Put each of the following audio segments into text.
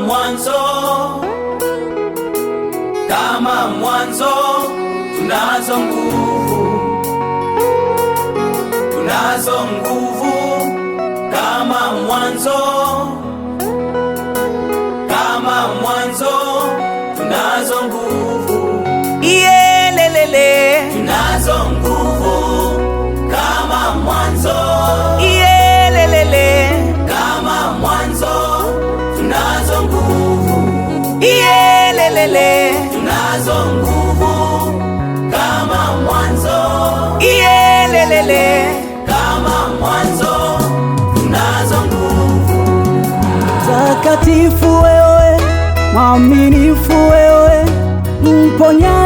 mwanzo, kama mwanzo, tunazo nguvu, tunazo nguvu kama mwanzo mwaminifu wewe mponya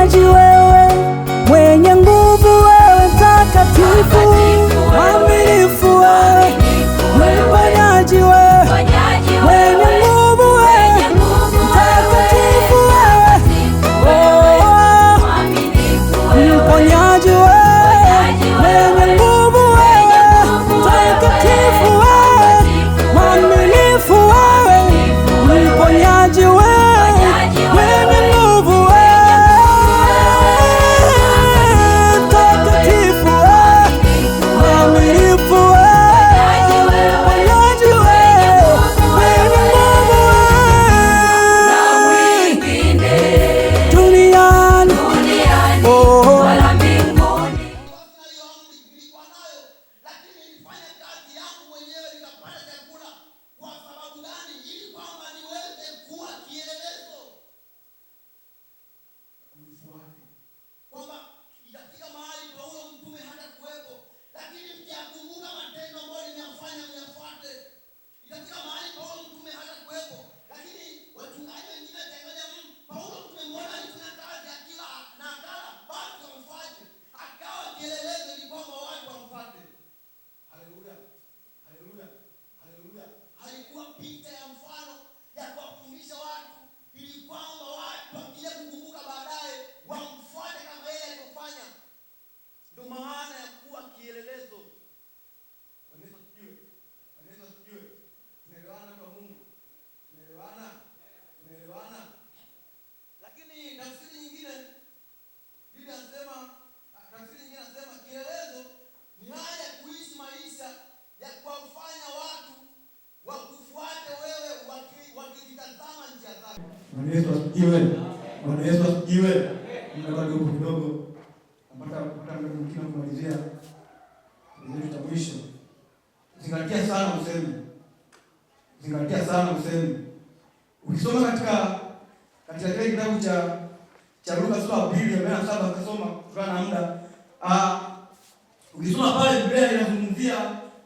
Bwana Yesu asifiwe. Bwana Yesu asifiwe. Bado huko kidogo mpaka kumalizia cha mwisho. Zingatia sana usemi, zingatia sana usemi. Ukisoma katika katika kile kitabu cha cha Luka sura ya pili ya saba ukasoma kutokana na ah, ukisoma pale Biblia inazungumzia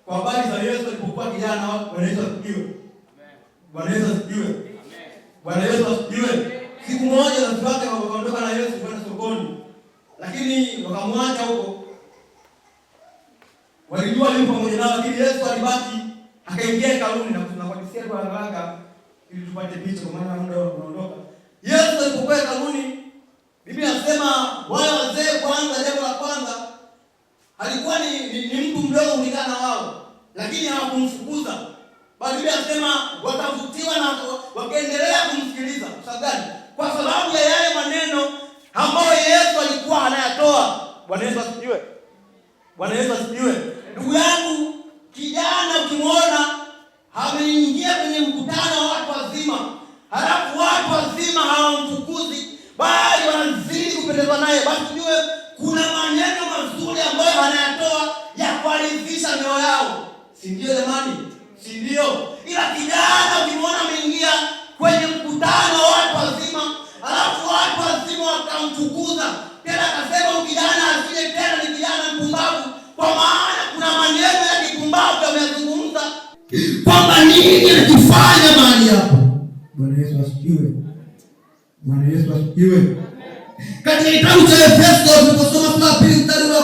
kwa habari za Yesu alipokuwa kijana. Bwana Yesu asifiwe. Bwana Yesu Bwana Yesu asifiwe. Siku moja wanafunzi wake wakaondoka na Yesu kwenda sokoni, lakini wakamwacha huko. Walijua yupo pamoja nao, lakini Yesu alibaki akaingia hekaluni na kuhadisia kwa haraka ili tupate picha, kwa maana muda unaondoka. Yesu alipokuwa hekaluni, Biblia inasema kuwasha mioyo yao, si ndio jamani? Si ndio? Ila kijana ukimwona ameingia kwenye mkutano wa watu wazima, alafu watu wazima wakamfukuza tena, akasema kijana asiye tena ni kijana mpumbavu, kwa maana kuna maneno ya kipumbavu ameyazungumza kwamba nini akifanya mahali hapo. Bwana Yesu asifiwe! Bwana Yesu asifiwe! Katika kitabu cha Efeso tuliposoma sura ya pili mstari wa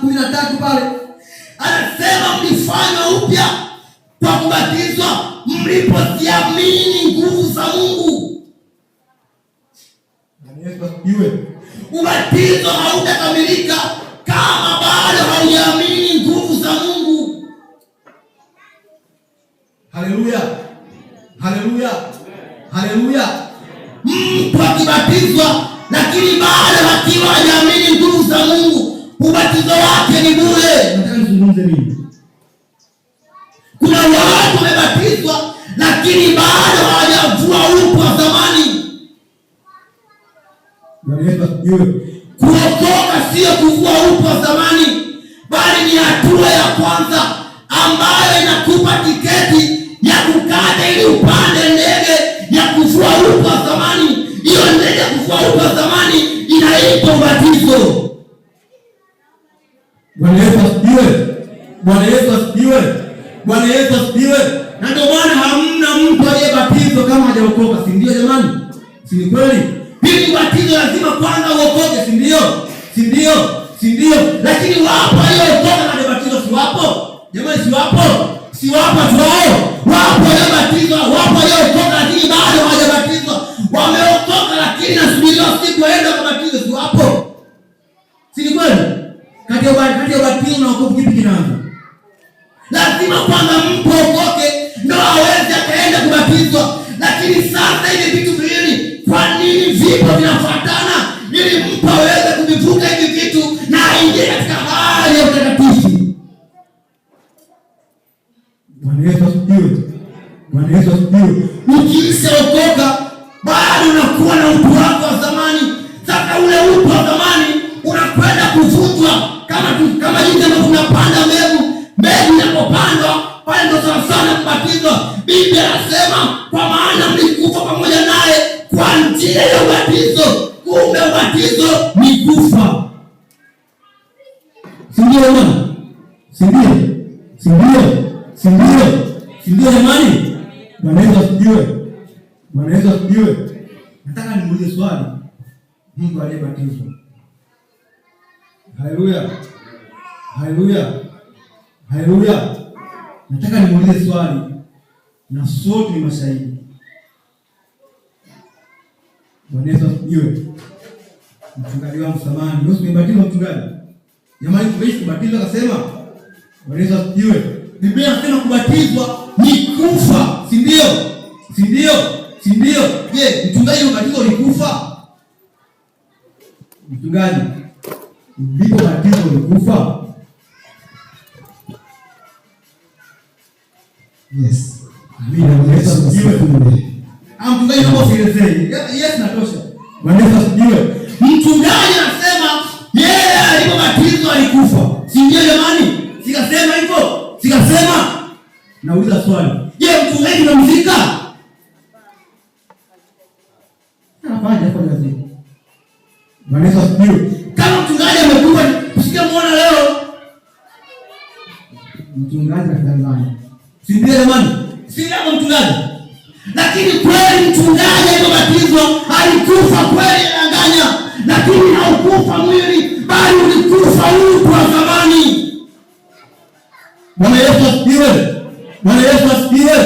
kumi na tatu pale anasema mlifanywa upya kwa kubatizwa mlipoziamini nguvu za Mungu. Ubatizo hautakamilika kama bado haujaamini nguvu za Mungu. Haleluya, haleluya, haleluya! Mtu akibatizwa lakini bado hakiwa hajaamini nguvu za Mungu ubatizo wake ni bure. Nataka nizungumze mimi, kuna watu wamebatizwa, lakini bado hawajavua utu wa Kuokoka sio kuvua utu wa Bwana Yesu asifiwe. Na ndio maana hamna mtu aliyebatizwa kama hajaokoka, si ndio jamani? Si ni kweli? Hivi batizo lazima kwanza uokoke, si ndio? Si ndio? Si ndio? Lakini wapo waliokoka na hajabatizwa, si wapo? Jamani, si wapo? Si wapo tu wao. Wapo waliobatizwa, wapo waliokoka lakini bado hawajabatizwa. Wameokoka lakini nasubiriwa siku aende kubatizwa, si wapo? Si ni kweli? Kati ya ubatizo na wokovu kipi kinaanza? lazima kwanza mtu aokoke ndo aweze akaenda kubatizwa. Lakini sasa hivi vitu viwili, kwa nini vipo vinafuatana? Ili mtu aweze kuvivuka hivi vitu na aingie katika hali ya utakatifu. Bwana Yesu asifiwe! Bwana Yesu asifiwe! bado unakuwa na utu wako wa zamani. Sasa ule utu wa zamani unakwenda kuvutwa kama kama jinsi ambavyo unapanda mbegu inapopandwa pale ndo sana sana kubatizwa. Biblia anasema kwa maana mlikufa pamoja naye kwa njia ya ubatizo. Kumbe ubatizo ni kufa, sindio? Sindio? Sindio? Sindio? Sindio? Jamani, Bwana Yesu asifiwe! Bwana Nataka nimuulize swali mtu aliyebatizwa. Haleluya, haleluya. Haleluya! Nataka niulize swali na sote ni mashahidi. Bwana Yesu asifiwe. Mchungaji wangu samani, wewe umebatizwa mchungaji? Jamani kumeishi kubatizwa akasema Bwana Yesu asifiwe. Biblia inasema kubatizwa ni kufa, si ndio? Si ndio? Si ndio? Je, mchungaji umebatizwa ulikufa? Mchungaji, ulipobatizwa ulikufa? Yes. Amina. Yesu asifiwe. Amchungaji Yesu natosha. Maneno asifiwe. Mchungaji anasema yeye alipobatizwa alikufa. Si ndio jamani? Sikasema hivyo? Sikasema? Nauliza swali. Je, mchungaji unamzika? Anafanya hapo ndio. Maneno asifiwe. Kama mchungaji amekufa, usikia muona leo. Mchungaji anadanganya. Si ndio jamani? Si ndio mchungaji? Lakini kweli mchungaji alipobatizwa alikufa kweli anadanganya, lakini haukufa mwili bali ulikufa utu wa zamani. Bwana Yesu asifiwe. Bwana Yesu asifiwe.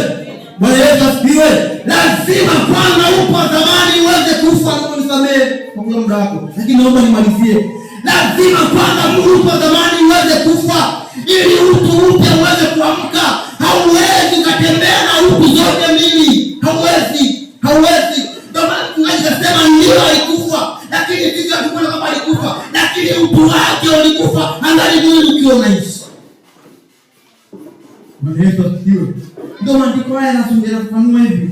Bwana Yesu asifiwe. Lazima kwanza upo zamani uweze kufa na unisamehe kwa muda wako. Lakini naomba nimalizie. Lazima kwanza upo zamani uweze kufa ili utu upya uweze kuamka. Hauwezi ukatembea na utu zote mbili, hauwezi, hauwezi. Ndio maana mchungaji kasema ndio alikufa, lakini sisi hatukuona kama alikufa, lakini utu wake ulikufa, angali mwili ukiwa unaishi. Bwana Yesu asifiwe. Ndio maandiko haya kufanua hivi,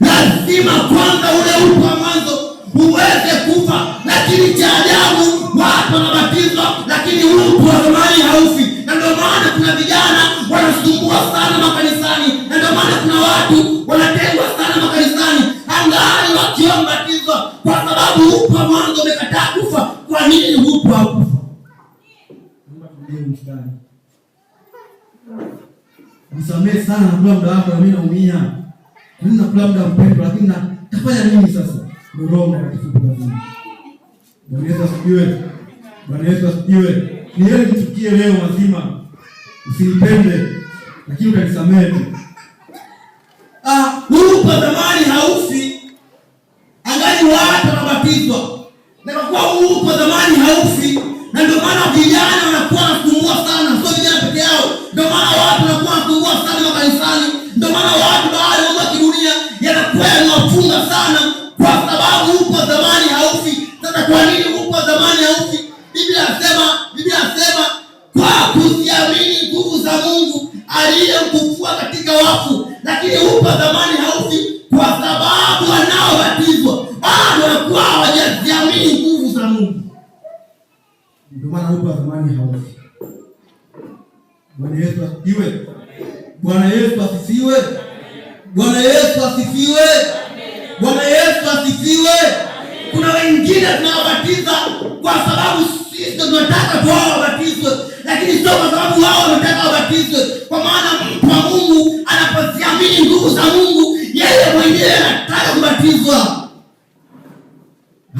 lazima kwanza ule utu wa mwanzo uweze kufa. Lakini cha ajabu, watu wanabatizwa, lakini huu mali haufi, na ndio maana kuna vijana wanasumbua sana makanisani, na ndio maana kuna watu wanatengwa sana makanisani, angali wakiwa mbatizwa, kwa sababu hupo mwanzo umekataa kufa. Kwa nini upo haukufa? sana, nakula muda wako, nami naumia, nakula muda mpendwa, lakini nitafanya nini sasa? ni Roho Mtakatifu kazini. Bwana Yesu asifiwe. Bwana Yesu asifiwe. Ni yeye nitukie leo mazima. Usinipende lakini utanisamehe tu. Ah, hurupa zamani hausi Angali watu wanabatizwa. Na kwa kuwa hurupa zamani hausi na ndio maana vijana wanakuwa wanasumbua sana, sio vijana peke yao. Ndio maana watu wanakuwa wanasumbua sana makanisani. lakini hupa dhamani haufi, kwa sababu wanaobatizwa bado wanakuwa hawajaziamini nguvu za Mungu. Ndio maana hupa dhamani haufi. Bwana Yesu asifiwe! Bwana Yesu asifiwe! Bwana Yesu asifiwe! Bwana Yesu asifiwe! Kuna wengine tunawabatiza kwa sababu sisi tunataka wao wabatizwe, lakini sio kwa sababu wao wanataka wabatizwe, kwa maana mtu wa Mungu anapoziamini nguvu za Mungu, yeye mwenyewe anataka kubatizwa.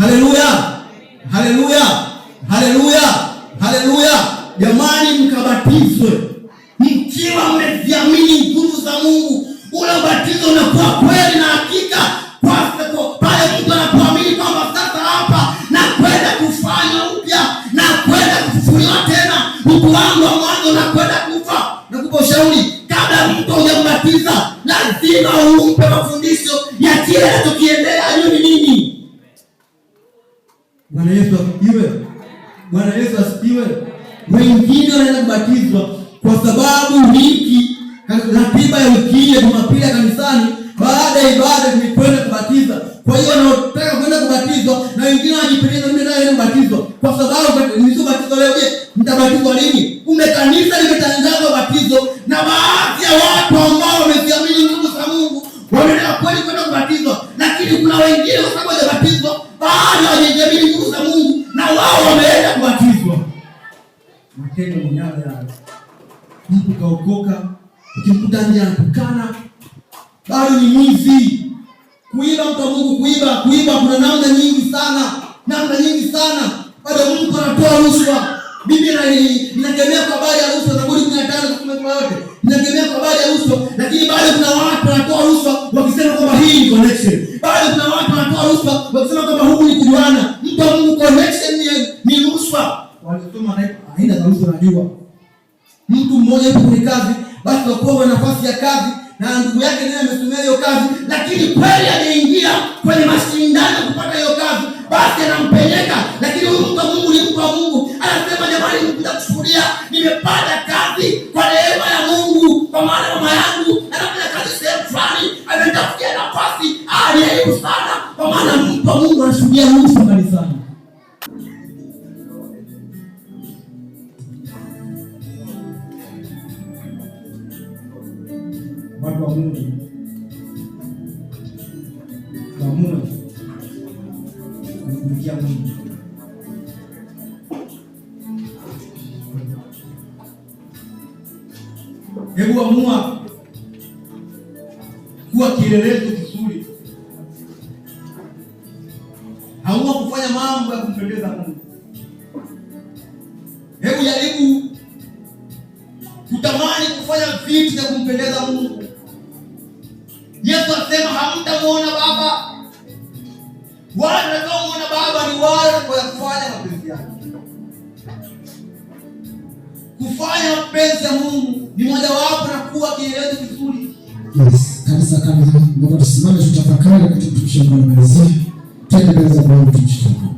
Haleluya, haleluya, haleluya, haleluya! Jamani, mkabatizwe. lazima umpe mafundisho ya kile tukiendelea ajue ni nini. Bwana Yesu asifiwe. Bwana Yesu asifiwe. Wengine wanaenda kubatizwa kwa sababu hiki ratiba ya wiki ile Jumapili ya kanisani, baada ya ibada tulikwenda kubatiza. Kwa hiyo wanaotaka kwenda kubatizwa na wengine wanajipeleka mimi nayo nenda kubatizwa kwa sababu batizo leo. Je, mtabatizwa lini? Umekanisa limetangaza batizo na baadhi ya watu akenda mwenyewe yale mtu kaokoka, ukimkuta ndiye anatukana bado ni mwizi. Kuiba mtu Mungu, kuiba kuiba, kuna namna nyingi sana, namna nyingi sana, bado mtu anatoa rushwa. Biblia ninategemea kwa habari ya rushwa, Zaburi kumi na tano yote Ninategemea kwa habari ya rushwa, lakini bado kuna watu wanatoa rushwa wakisema kwamba hii ni connection. Bado kuna watu wanatoa rushwa wakisema kwamba huku ni kujuana. Mtu wa Mungu, connection ni ni rushwa. walizotuma aina za mtu najua. Mtu mmoja yupo kwenye kazi, basi wakuwa nafasi ya kazi na ndugu yake naye amesomea hiyo kazi, lakini kweli ameingia kwenye mashindano kupata hiyo kazi, basi anampeleka. Lakini huyu mtu wa Mungu ni mtu wa Mungu, anasema jamani, nitakushuhudia nimepata kazi kwa neema ya Mungu, kwa maana mama yangu anafanya kazi sehemu fulani, ametafutia nafasi, anajaribu ah, sana, kwa maana mtu wa Mungu anashuhudia Mungu kanisani. watu wa Mungu, tuamue kumtumikia Mungu. Hebu amua kuwa kielelezo kizuri, amua kufanya mambo ya kumpendeza Mungu. Hebu jaribu kutamani kufanya vitu vya kumpendeza Mungu. Yesu alisema hamtamwona Baba, wale watakaomwona Baba ni wale wanaofanya mapenzi yake. Kufanya mapenzi ya Mungu ni mojawapo na kuwa kielelezo kizuri. Yes, kanisa tusimame tutafakari, tukishamalizia tutaendeleza.